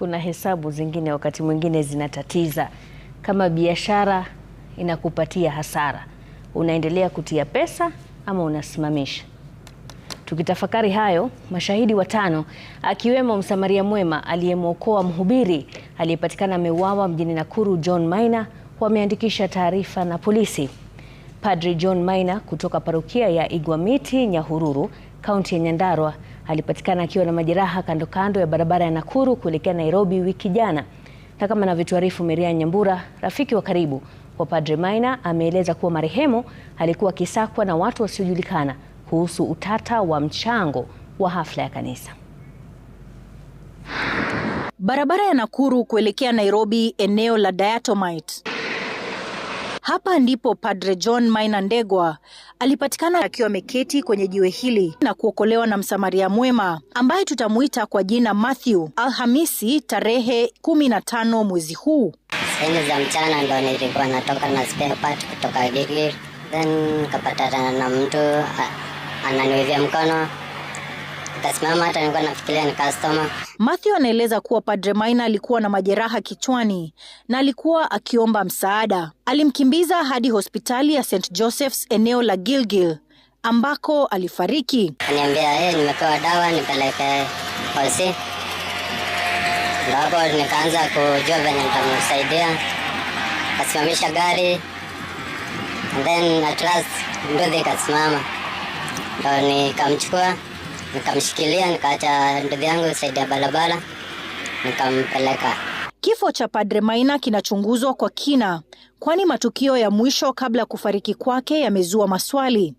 kuna hesabu zingine wakati mwingine zinatatiza. Kama biashara inakupatia hasara, unaendelea kutia pesa ama unasimamisha? Tukitafakari hayo, mashahidi watano akiwemo msamaria mwema aliyemwokoa mhubiri aliyepatikana ameuawa mjini Nakuru John Maina wameandikisha taarifa na polisi. Padri John Maina kutoka parokia ya Igwamiti Nyahururu, kaunti ya Nyandarua alipatikana akiwa na majeraha kando kando ya barabara ya Nakuru kuelekea Nairobi wiki jana. Na kama anavyotuarifu Miriam Nyambura, rafiki wa karibu wa Padri Maina ameeleza kuwa marehemu alikuwa akisakwa na watu wasiojulikana kuhusu utata wa mchango wa hafla ya kanisa. Barabara ya Nakuru kuelekea Nairobi, eneo la Diatomite. Hapa ndipo Padre John Maina Ndegwa alipatikana akiwa ameketi kwenye jiwe hili na kuokolewa na Msamaria mwema ambaye tutamuita kwa jina Matthew, Alhamisi tarehe kumi na tano mwezi huu. Sehemu za mchana ndo nilikuwa natoka na spare part kutoka Gilgil, then kapatana na mtu ananiwezia mkono nikasimama, hata nilikuwa nafikiria ni customer. Mathew anaeleza kuwa Padre Maina alikuwa na majeraha kichwani na alikuwa akiomba msaada. Alimkimbiza hadi hospitali ya St Joseph's eneo la Gilgil ambako alifariki. Niambia yeye, nimepewa dawa nipeleke polisi. Ndio hapo nikaanza kujua venye nitamsaidia, kasimamisha gari and then at last ndio ikasimama, ndio nikamchukua nikamshikilia nikaacha ndugu yangu saidi ya barabara nikampeleka. Kifo cha Padre Maina kinachunguzwa kwa kina, kwani matukio ya mwisho kabla ya kufariki kwake yamezua maswali.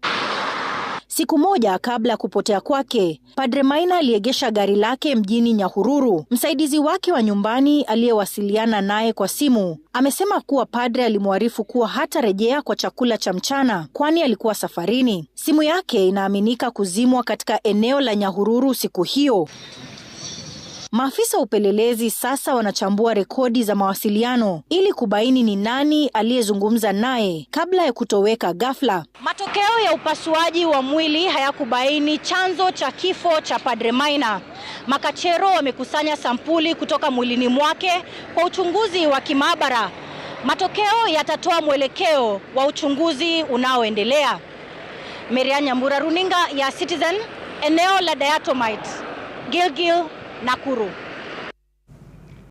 Siku moja kabla ya kupotea kwake, Padre Maina aliegesha gari lake mjini Nyahururu. Msaidizi wake wa nyumbani aliyewasiliana naye kwa simu amesema kuwa padre alimwarifu kuwa hatarejea kwa chakula cha mchana, kwani alikuwa safarini. Simu yake inaaminika kuzimwa katika eneo la Nyahururu siku hiyo. Maafisa wa upelelezi sasa wanachambua rekodi za mawasiliano ili kubaini ni nani aliyezungumza naye kabla ya kutoweka ghafla. Matokeo ya upasuaji wa mwili hayakubaini chanzo cha kifo cha Padre Maina. Makachero wamekusanya sampuli kutoka mwilini mwake kwa uchunguzi wa kimaabara. Matokeo yatatoa mwelekeo wa uchunguzi unaoendelea. Maria Nyambura, runinga ya Citizen, eneo la Diatomite, Gilgil. Nakuru.